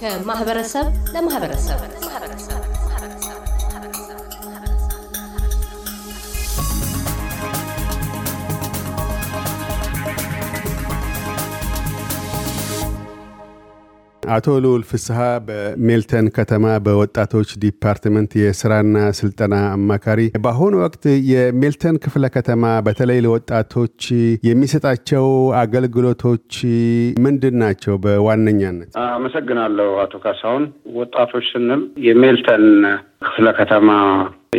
ከማህበረሰብ ለማህበረሰብ አቶ ልዑል ፍስሐ በሜልተን ከተማ በወጣቶች ዲፓርትመንት የስራና ስልጠና አማካሪ፣ በአሁኑ ወቅት የሜልተን ክፍለ ከተማ በተለይ ለወጣቶች የሚሰጣቸው አገልግሎቶች ምንድን ናቸው? በዋነኛነት አመሰግናለሁ አቶ ካሳሁን። ወጣቶች ስንል የሜልተን ክፍለ ከተማ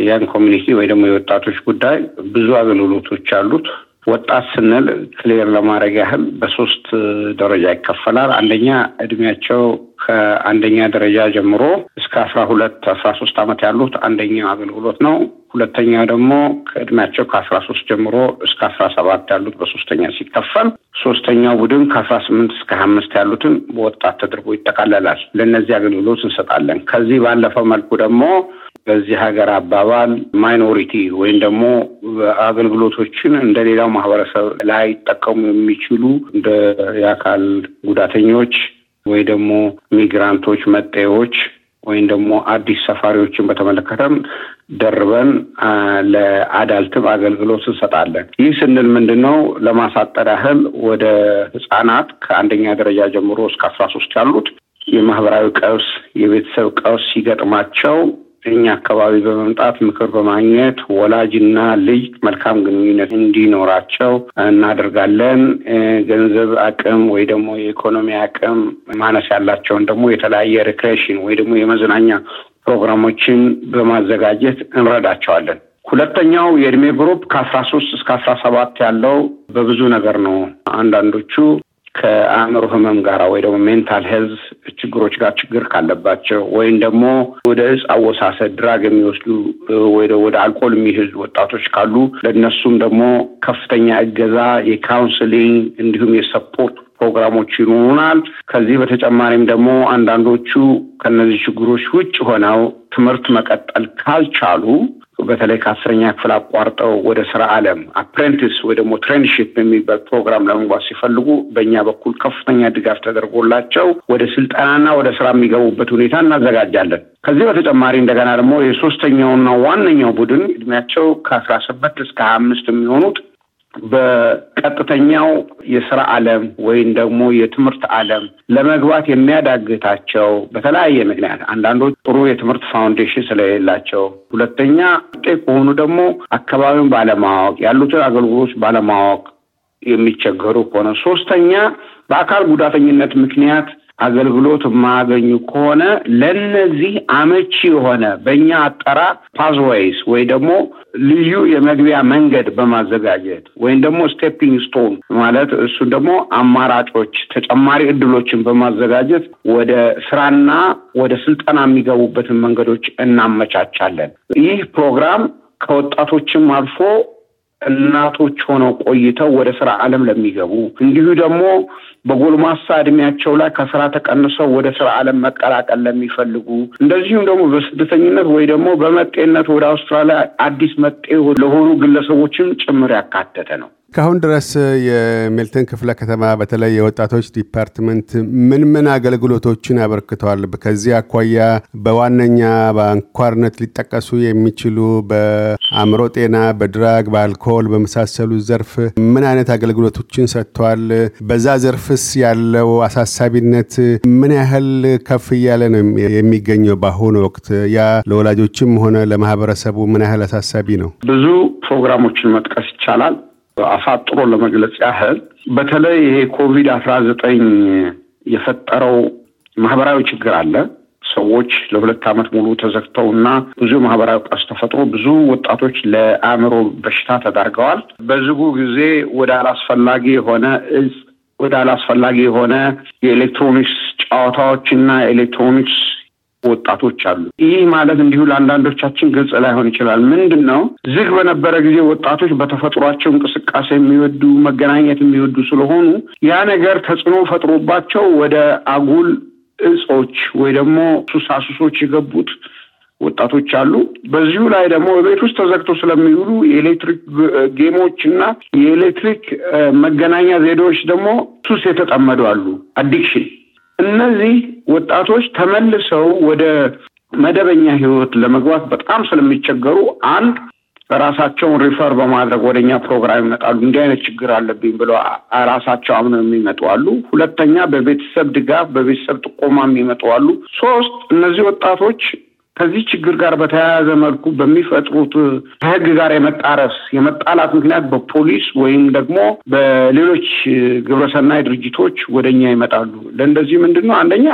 ያን ኮሚኒቲ ወይ ደግሞ የወጣቶች ጉዳይ ብዙ አገልግሎቶች አሉት። ወጣት ስንል ክሊር ለማድረግ ያህል በሶስት ደረጃ ይከፈላል። አንደኛ እድሜያቸው ከአንደኛ ደረጃ ጀምሮ እስከ አስራ ሁለት አስራ ሶስት ዓመት ያሉት አንደኛው አገልግሎት ነው። ሁለተኛ ደግሞ ከእድሜያቸው ከአስራ ሶስት ጀምሮ እስከ አስራ ሰባት ያሉት በሶስተኛ ሲከፈል፣ ሶስተኛው ቡድን ከአስራ ስምንት እስከ ሀያ አምስት ያሉትን በወጣት ተደርጎ ይጠቃለላል። ለእነዚህ አገልግሎት እንሰጣለን። ከዚህ ባለፈው መልኩ ደግሞ በዚህ ሀገር አባባል ማይኖሪቲ ወይም ደግሞ አገልግሎቶችን እንደ ሌላው ማህበረሰብ ላይ ጠቀሙ የሚችሉ እንደ የአካል ጉዳተኞች ወይ ደግሞ ሚግራንቶች፣ መጤዎች ወይም ደግሞ አዲስ ሰፋሪዎችን በተመለከተም ደርበን ለአዳልትም አገልግሎት እንሰጣለን። ይህ ስንል ምንድን ነው? ለማሳጠር ያህል ወደ ህጻናት ከአንደኛ ደረጃ ጀምሮ እስከ አስራ ሶስት ያሉት የማህበራዊ ቀውስ የቤተሰብ ቀውስ ሲገጥማቸው እኛ አካባቢ በመምጣት ምክር በማግኘት ወላጅና ልጅ መልካም ግንኙነት እንዲኖራቸው እናደርጋለን። ገንዘብ አቅም ወይ ደግሞ የኢኮኖሚ አቅም ማነስ ያላቸውን ደግሞ የተለያየ ሪክሬሽን ወይ ደግሞ የመዝናኛ ፕሮግራሞችን በማዘጋጀት እንረዳቸዋለን። ሁለተኛው የእድሜ ግሩፕ ከአስራ ሶስት እስከ አስራ ሰባት ያለው በብዙ ነገር ነው። አንዳንዶቹ ከአእምሮ ህመም ጋራ ወይ ደግሞ ሜንታል ሄልዝ ችግሮች ጋር ችግር ካለባቸው ወይም ደግሞ ወደ እጽ አወሳሰድ ድራግ የሚወስዱ ወይ ወደ አልኮል የሚሄዱ ወጣቶች ካሉ ለእነሱም ደግሞ ከፍተኛ እገዛ የካውንስሊንግ እንዲሁም የሰፖርት ፕሮግራሞች ይኖሩናል። ከዚህ በተጨማሪም ደግሞ አንዳንዶቹ ከነዚህ ችግሮች ውጭ ሆነው ትምህርት መቀጠል ካልቻሉ በተለይ ከአስረኛ ክፍል አቋርጠው ወደ ስራ አለም አፕሬንቲስ ወይ ደግሞ ትሬንሺፕ የሚባል ፕሮግራም ለመግባት ሲፈልጉ በእኛ በኩል ከፍተኛ ድጋፍ ተደርጎላቸው ወደ ስልጠናና ወደ ስራ የሚገቡበት ሁኔታ እናዘጋጃለን። ከዚህ በተጨማሪ እንደገና ደግሞ የሶስተኛውና ዋነኛው ቡድን እድሜያቸው ከአስራ ስምንት እስከ ሀያ አምስት የሚሆኑት በቀጥተኛው የስራ ዓለም ወይም ደግሞ የትምህርት ዓለም ለመግባት የሚያዳግታቸው በተለያየ ምክንያት አንዳንዶች ጥሩ የትምህርት ፋውንዴሽን ስለሌላቸው፣ ሁለተኛ ጤ ከሆኑ ደግሞ አካባቢውን ባለማወቅ ያሉትን አገልግሎቶች ባለማወቅ የሚቸገሩ ከሆነ፣ ሶስተኛ በአካል ጉዳተኝነት ምክንያት አገልግሎት የማያገኙ ከሆነ ለነዚህ አመቺ የሆነ በእኛ አጠራር ፓዝዌይስ ወይ ደግሞ ልዩ የመግቢያ መንገድ በማዘጋጀት ወይም ደግሞ ስቴፒንግ ስቶን ማለት እሱ ደግሞ አማራጮች፣ ተጨማሪ እድሎችን በማዘጋጀት ወደ ስራና ወደ ስልጠና የሚገቡበትን መንገዶች እናመቻቻለን። ይህ ፕሮግራም ከወጣቶችም አልፎ እናቶች ሆነው ቆይተው ወደ ስራ ዓለም ለሚገቡ እንዲሁ ደግሞ በጎልማሳ እድሜያቸው ላይ ከስራ ተቀንሰው ወደ ስራ ዓለም መቀላቀል ለሚፈልጉ እንደዚሁም ደግሞ በስደተኝነት ወይ ደግሞ በመጤነት ወደ አውስትራሊያ አዲስ መጤ ለሆኑ ግለሰቦችም ጭምር ያካተተ ነው። እስካሁን ድረስ የሚልተን ክፍለ ከተማ በተለይ የወጣቶች ዲፓርትመንት ምን ምን አገልግሎቶችን አበርክተዋል? ከዚህ አኳያ በዋነኛ በአንኳርነት ሊጠቀሱ የሚችሉ በአእምሮ ጤና፣ በድራግ፣ በአልኮል በመሳሰሉ ዘርፍ ምን አይነት አገልግሎቶችን ሰጥተዋል? በዛ ዘርፍስ ያለው አሳሳቢነት ምን ያህል ከፍ እያለ ነው የሚገኘው? በአሁኑ ወቅት ያ ለወላጆችም ሆነ ለማህበረሰቡ ምን ያህል አሳሳቢ ነው? ብዙ ፕሮግራሞችን መጥቀስ ይቻላል። አሳጥሮ ለመግለጽ ያህል በተለይ ይሄ ኮቪድ አስራ ዘጠኝ የፈጠረው ማህበራዊ ችግር አለ። ሰዎች ለሁለት ዓመት ሙሉ ተዘግተው እና ብዙ ማህበራዊ ቀስ ተፈጥሮ ብዙ ወጣቶች ለአእምሮ በሽታ ተዳርገዋል። በዝጉ ጊዜ ወደ አላስፈላጊ የሆነ እጽ ወደ አላስፈላጊ የሆነ የኤሌክትሮኒክስ ጨዋታዎች እና ኤሌክትሮኒክስ ወጣቶች አሉ። ይህ ማለት እንዲሁ ለአንዳንዶቻችን ግልጽ ላይሆን ይችላል። ምንድን ነው ዝግ በነበረ ጊዜ ወጣቶች በተፈጥሯቸው እንቅስቃሴ የሚወዱ መገናኘት የሚወዱ ስለሆኑ ያ ነገር ተጽዕኖ ፈጥሮባቸው ወደ አጉል እጾች ወይ ደግሞ ሱሳሱሶች የገቡት ወጣቶች አሉ። በዚሁ ላይ ደግሞ በቤት ውስጥ ተዘግቶ ስለሚውሉ የኤሌክትሪክ ጌሞች እና የኤሌክትሪክ መገናኛ ዘዴዎች ደግሞ ሱስ የተጠመዱ አሉ አዲክሽን እነዚህ ወጣቶች ተመልሰው ወደ መደበኛ ህይወት ለመግባት በጣም ስለሚቸገሩ አንድ ራሳቸውን ሪፈር በማድረግ ወደኛ ፕሮግራም ይመጣሉ። እንዲህ አይነት ችግር አለብኝ ብሎ ራሳቸው አምነው የሚመጡ አሉ። ሁለተኛ በቤተሰብ ድጋፍ፣ በቤተሰብ ጥቆማ የሚመጡ አሉ። ሶስት እነዚህ ወጣቶች ከዚህ ችግር ጋር በተያያዘ መልኩ በሚፈጥሩት ከህግ ጋር የመጣረስ የመጣላት ምክንያት በፖሊስ ወይም ደግሞ በሌሎች ግብረሰናይ ድርጅቶች ወደኛ ይመጣሉ። ለእንደዚህ ምንድን ነው አንደኛ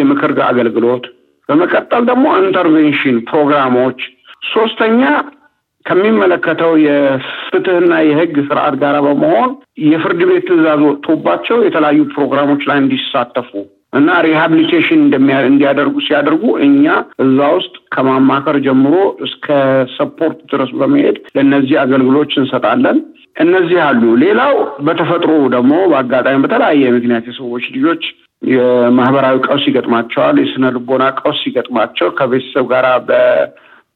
የምክር አገልግሎት፣ በመቀጠል ደግሞ ኢንተርቬንሽን ፕሮግራሞች፣ ሶስተኛ ከሚመለከተው የፍትህና የህግ ስርዓት ጋር በመሆን የፍርድ ቤት ትዕዛዝ ወጥቶባቸው የተለያዩ ፕሮግራሞች ላይ እንዲሳተፉ እና ሪሃብሊቴሽን እንዲያደርጉ ሲያደርጉ እኛ እዛ ውስጥ ከማማከር ጀምሮ እስከ ሰፖርት ድረስ በመሄድ ለእነዚህ አገልግሎች እንሰጣለን። እነዚህ አሉ። ሌላው በተፈጥሮ ደግሞ በአጋጣሚ በተለያየ ምክንያት የሰዎች ልጆች የማህበራዊ ቀውስ ይገጥማቸዋል። የስነ ልቦና ቀውስ ይገጥማቸው ከቤተሰብ ጋር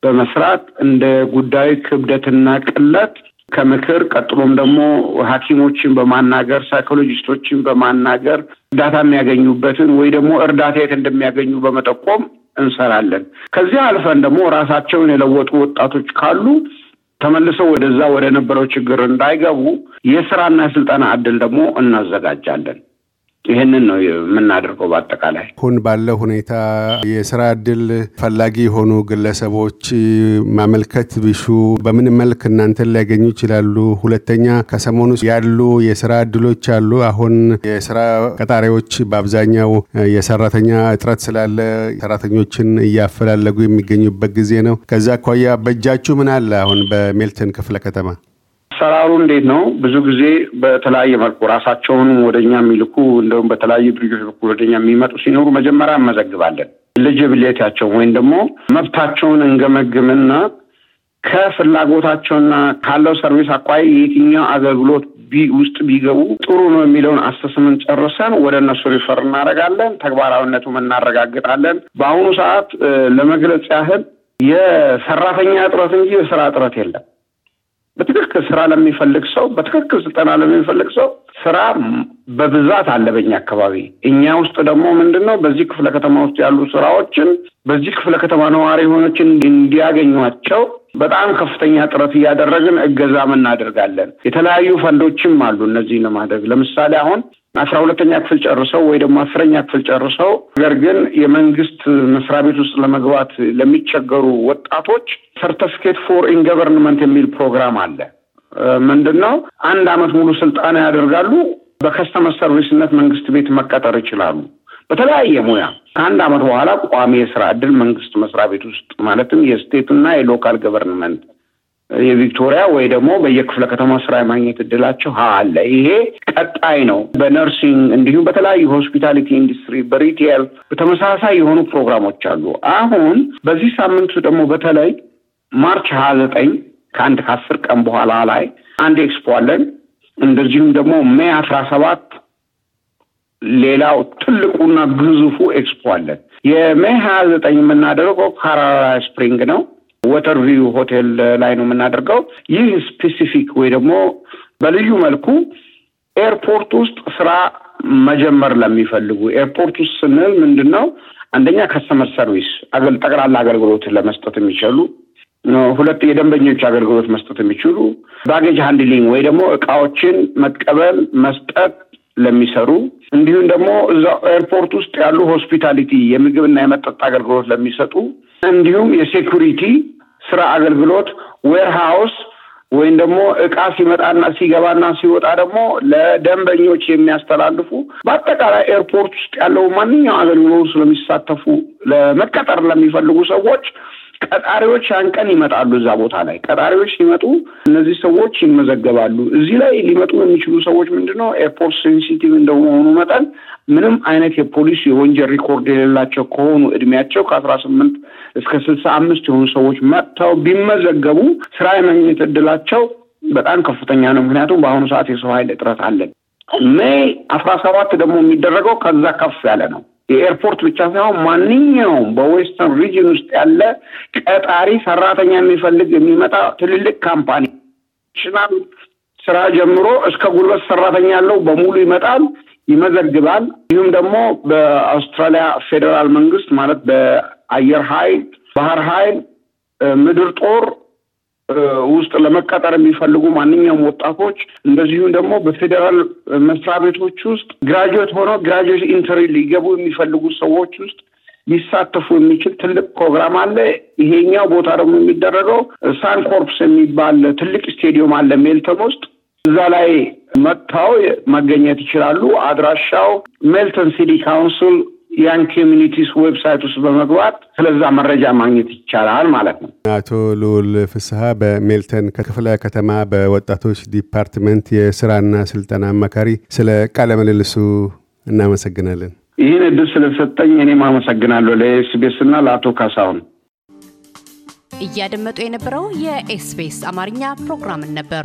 በመስራት እንደ ጉዳዩ ክብደትና ቅለት ከምክር ቀጥሎም ደግሞ ሐኪሞችን በማናገር ሳይኮሎጂስቶችን በማናገር እርዳታ የሚያገኙበትን ወይ ደግሞ እርዳታ የት እንደሚያገኙ በመጠቆም እንሰራለን። ከዚያ አልፈን ደግሞ ራሳቸውን የለወጡ ወጣቶች ካሉ ተመልሰው ወደዛ ወደ ነበረው ችግር እንዳይገቡ የስራና የስልጠና እድል ደግሞ እናዘጋጃለን። ይህንን ነው የምናደርገው። በአጠቃላይ አሁን ባለው ሁኔታ የስራ እድል ፈላጊ የሆኑ ግለሰቦች ማመልከት ቢሹ በምን መልክ እናንተን ሊያገኙ ይችላሉ? ሁለተኛ ከሰሞኑ ያሉ የስራ እድሎች አሉ። አሁን የስራ ቀጣሪዎች በአብዛኛው የሰራተኛ እጥረት ስላለ ሰራተኞችን እያፈላለጉ የሚገኙበት ጊዜ ነው። ከዛ አኳያ በእጃችሁ ምን አለ አሁን በሜልተን ክፍለ ከተማ? አሰራሩ እንዴት ነው? ብዙ ጊዜ በተለያየ መልኩ ራሳቸውን ወደኛ የሚልኩ እንደውም በተለያዩ ድርጅቶች በኩል ወደኛ የሚመጡ ሲኖሩ መጀመሪያ እንመዘግባለን። ልጅብሌታቸውን ወይም ደግሞ መብታቸውን እንገመግምና ከፍላጎታቸውና ካለው ሰርቪስ አኳያ የትኛው አገልግሎት ውስጥ ቢገቡ ጥሩ ነው የሚለውን አስተስምን ጨርሰን ወደ እነሱ ሪፈር እናደርጋለን። ተግባራዊነቱም እናረጋግጣለን። በአሁኑ ሰዓት ለመግለጽ ያህል የሰራተኛ እጥረት እንጂ የስራ እጥረት የለም። በትክክል ስራ ለሚፈልግ ሰው በትክክል ስልጠና ለሚፈልግ ሰው ስራ በብዛት አለ በኛ አካባቢ። እኛ ውስጥ ደግሞ ምንድን ነው በዚህ ክፍለ ከተማ ውስጥ ያሉ ስራዎችን በዚህ ክፍለ ከተማ ነዋሪ የሆኖችን እንዲያገኟቸው በጣም ከፍተኛ ጥረት እያደረግን እገዛም እናደርጋለን። የተለያዩ ፈንዶችም አሉ እነዚህ ለማድረግ ለምሳሌ አሁን አስራ ሁለተኛ ክፍል ጨርሰው ወይ ደግሞ አስረኛ ክፍል ጨርሰው ነገር ግን የመንግስት መስሪያ ቤት ውስጥ ለመግባት ለሚቸገሩ ወጣቶች ሰርተፍኬት ፎር ኢን ገቨርንመንት የሚል ፕሮግራም አለ። ምንድን ነው? አንድ አመት ሙሉ ስልጠና ያደርጋሉ። በከስተመር ሰርቪስነት መንግስት ቤት መቀጠር ይችላሉ። በተለያየ ሙያ ከአንድ አመት በኋላ ቋሚ የስራ እድል መንግስት መስሪያ ቤት ውስጥ ማለትም የስቴትና የሎካል ገቨርንመንት የቪክቶሪያ ወይ ደግሞ በየክፍለ ከተማ ስራ የማግኘት እድላቸው አለ። ይሄ ቀጣይ ነው። በነርሲንግ እንዲሁም በተለያዩ ሆስፒታሊቲ ኢንዱስትሪ፣ በሪቴል በተመሳሳይ የሆኑ ፕሮግራሞች አሉ። አሁን በዚህ ሳምንት ደግሞ በተለይ ማርች ሀያ ዘጠኝ ከአንድ ከአስር ቀን በኋላ ላይ አንድ ኤክስፖ አለን። እንደዚሁም ደግሞ ሜይ አስራ ሰባት ሌላው ትልቁና ግዙፉ ኤክስፖ አለን። የሜይ ሀያ ዘጠኝ የምናደርገው ካራራ ስፕሪንግ ነው። ወተር ቪው ሆቴል ላይ ነው የምናደርገው። ይህ ስፔሲፊክ ወይ ደግሞ በልዩ መልኩ ኤርፖርት ውስጥ ስራ መጀመር ለሚፈልጉ ኤርፖርት ውስጥ ስንል ምንድን ነው? አንደኛ ከስተመር ሰርቪስ ጠቅላላ አገልግሎትን ለመስጠት የሚችሉ ሁለት የደንበኞች አገልግሎት መስጠት የሚችሉ ባጌጅ ሃንድሊንግ ወይ ደግሞ እቃዎችን መቀበል መስጠት ለሚሰሩ እንዲሁም ደግሞ እዛ ኤርፖርት ውስጥ ያሉ ሆስፒታሊቲ የምግብና የመጠጥ አገልግሎት ለሚሰጡ እንዲሁም የሴኩሪቲ ስራ አገልግሎት ዌርሃውስ ወይም ደግሞ እቃ ሲመጣና ሲገባና ሲወጣ ደግሞ ለደንበኞች የሚያስተላልፉ በአጠቃላይ ኤርፖርት ውስጥ ያለው ማንኛው አገልግሎት ስለሚሳተፉ ለመቀጠር ለሚፈልጉ ሰዎች ቀጣሪዎች ያን ቀን ይመጣሉ። እዛ ቦታ ላይ ቀጣሪዎች ሲመጡ እነዚህ ሰዎች ይመዘገባሉ። እዚህ ላይ ሊመጡ የሚችሉ ሰዎች ምንድነው ኤርፖርት ሴንሲቲቭ እንደመሆኑ መጠን ምንም አይነት የፖሊስ የወንጀል ሪኮርድ የሌላቸው ከሆኑ እድሜያቸው ከአስራ ስምንት እስከ ስልሳ አምስት የሆኑ ሰዎች መጥተው ቢመዘገቡ ስራ የመግኘት እድላቸው በጣም ከፍተኛ ነው። ምክንያቱም በአሁኑ ሰዓት የሰው ኃይል እጥረት አለን። ሜይ አስራ ሰባት ደግሞ የሚደረገው ከዛ ከፍ ያለ ነው። የኤርፖርት ብቻ ሳይሆን ማንኛውም በዌስተርን ሪጅን ውስጥ ያለ ቀጣሪ ሰራተኛ የሚፈልግ የሚመጣ ትልልቅ ካምፓኒ ሽናል ስራ ጀምሮ እስከ ጉልበት ሰራተኛ ያለው በሙሉ ይመጣል፣ ይመዘግባል። ይህም ደግሞ በአውስትራሊያ ፌዴራል መንግስት ማለት በአየር ኃይል፣ ባህር ኃይል፣ ምድር ጦር ውስጥ ለመቀጠር የሚፈልጉ ማንኛውም ወጣቶች እንደዚሁም ደግሞ በፌዴራል መስሪያ ቤቶች ውስጥ ግራጁዌት ሆነው ግራጁዌት ኢንተሪ ሊገቡ የሚፈልጉ ሰዎች ውስጥ ሊሳተፉ የሚችል ትልቅ ፕሮግራም አለ። ይሄኛው ቦታ ደግሞ የሚደረገው ሳን ኮርፕስ የሚባል ትልቅ ስቴዲየም አለ ሜልተን ውስጥ። እዛ ላይ መጥተው መገኘት ይችላሉ። አድራሻው ሜልተን ሲቲ ካውንስል ያን ኮሚኒቲስ ዌብሳይት ውስጥ በመግባት ስለዛ መረጃ ማግኘት ይቻላል ማለት ነው። አቶ ልዑል ፍስሀ በሜልተን ክፍለ ከተማ በወጣቶች ዲፓርትመንት የስራና ስልጠና አማካሪ፣ ስለ ቃለ ምልልሱ እናመሰግናለን። ይህን እድል ስለተሰጠኝ እኔም አመሰግናለሁ ለኤስቤስ እና ለአቶ ካሳሁን። እያደመጡ የነበረው የኤስቢኤስ አማርኛ ፕሮግራምን ነበር።